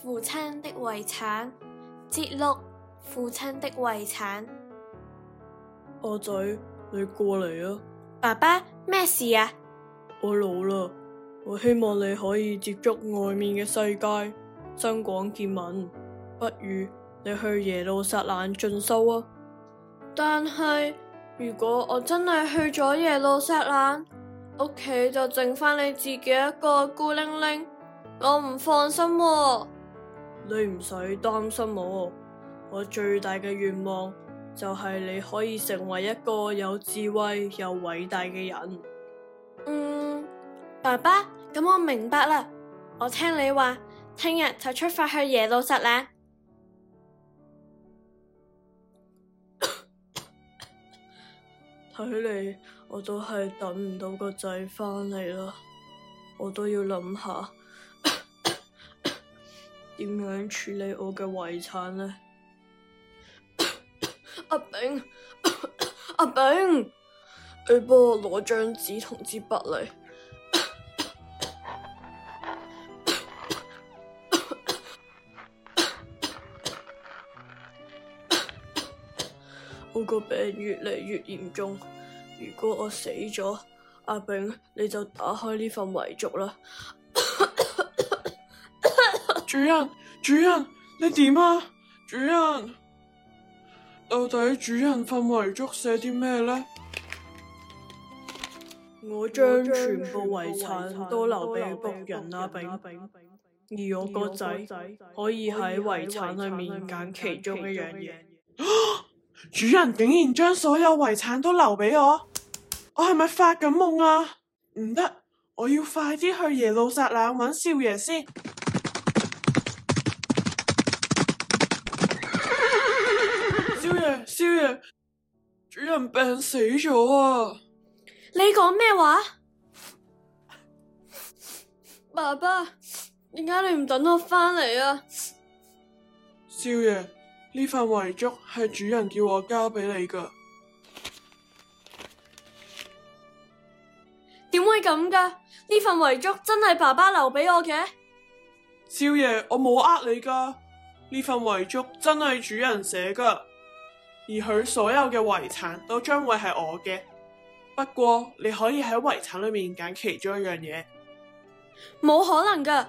父親的遺產，節錄，父親的遺產。阿仔，你過嚟啊！爸爸，咩事啊？我老啦，我希望你可以接觸外面嘅世界，增廣見聞。不如你去耶路撒冷進修啊？但係如果我真係去咗耶路撒冷，屋企就剩返你自己一個孤零零，我唔放心啊。你唔使擔心我，我最大嘅願望就係你可以成為一個有智慧又偉大嘅人。嗯，爸爸，咁我明白啦。我聽你話，聽日就出發去耶路撒冷。睇嚟，我都係等唔到個仔翻嚟啦。我都要諗下。點樣處理我嘅遺產呢？阿炳，阿 炳、啊 啊， 你幫我攞張紙同支筆嚟。我個病越嚟越嚴重，如果我死咗，阿、啊、炳、 啊啊啊、你就打開呢份遺囑啦。主人，主人，你點啊？主人，到底主人份遺囑寫啲咩呢？我將全部遺產都留俾僕人阿、啊、炳，而我個仔可以喺遺產裏面揀其中一樣嘢。人啊、 主人竟然將所有遺產都留俾我？我係咪發緊夢啊？唔得，我要快啲去耶路撒冷揾少爺先。主人病死咗啊！你講咩話？爸爸，點解你唔等我翻嚟啊？少爺，呢份遺囑係主人叫我交俾你噶。點會咁噶？呢份遺囑真係爸爸留俾我嘅？少爺，我冇呃你噶。呢份遺囑真係主人寫噶。而佢所有嘅遺產都將會係我嘅，不過你可以喺遺產裏面揀其中一樣嘢。冇可能噶，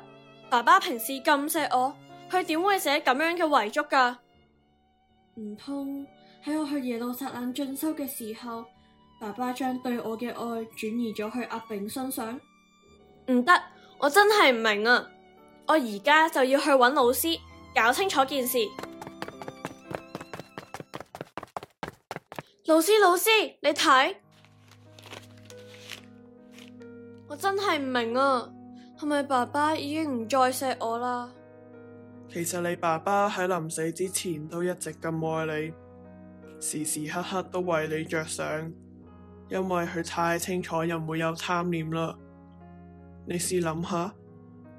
爸爸平時咁錫我，佢點會寫咁樣嘅遺囑噶？唔通喺我去耶路撒冷進修嘅時候，爸爸將對我嘅愛轉移咗去阿炳身上？唔得，我真係唔明啊！我而家就要去揾老師搞清楚件事。老師，老師，你睇，我真係唔明啊，係咪爸爸已經唔再錫我啦？其實你爸爸喺臨死之前都一直咁愛你，時時刻刻都為你着想，因為佢太清楚人會有貪念啦。你試諗下，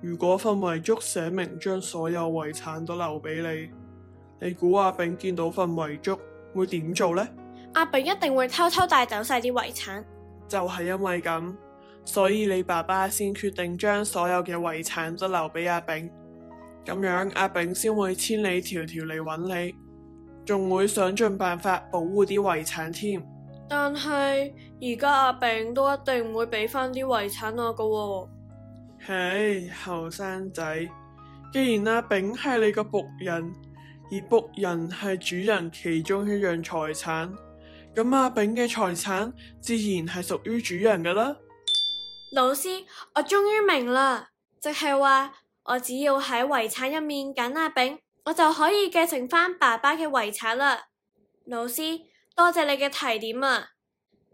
如果份遺囑寫明將所有遺產都留俾你，你估阿炳見到份遺囑會點做呢？阿炳一定會偷偷帶走晒啲遺產，就係因為咁，所以你爸爸先決定將所有嘅遺產都留俾阿炳，咁樣阿炳先會千里迢迢嚟揾你，仲會想盡辦法保護啲遺產添。但係而家阿炳都一定唔會俾返啲遺產我噶。嘿，後生仔，既然阿炳係你個僕人，而僕人係主人其中一樣財產。咁阿炳嘅財產自然係屬於主人㗎啦。老師，我終於明啦，即係話我只要喺遺產入面揀阿炳，我就可以繼承翻爸爸嘅遺產啦。老師，多謝你嘅提點啊！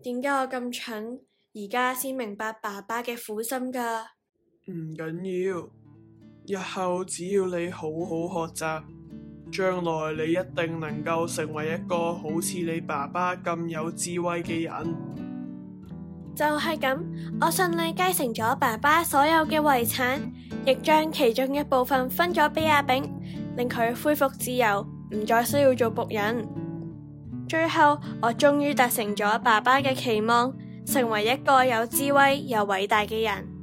點解我咁蠢，而家先明白爸爸嘅苦心㗎？唔緊要，日後只要你好好學習。將來你一定能夠成為一個好似你爸爸咁有智慧嘅人。就係咁，我順利繼承咗爸爸所有嘅遺產，亦將其中一部分分咗俾阿炳，令佢恢復自由，唔再需要做僕人。最後，我終於達成咗爸爸嘅期望，成為一個有智慧又偉大嘅人。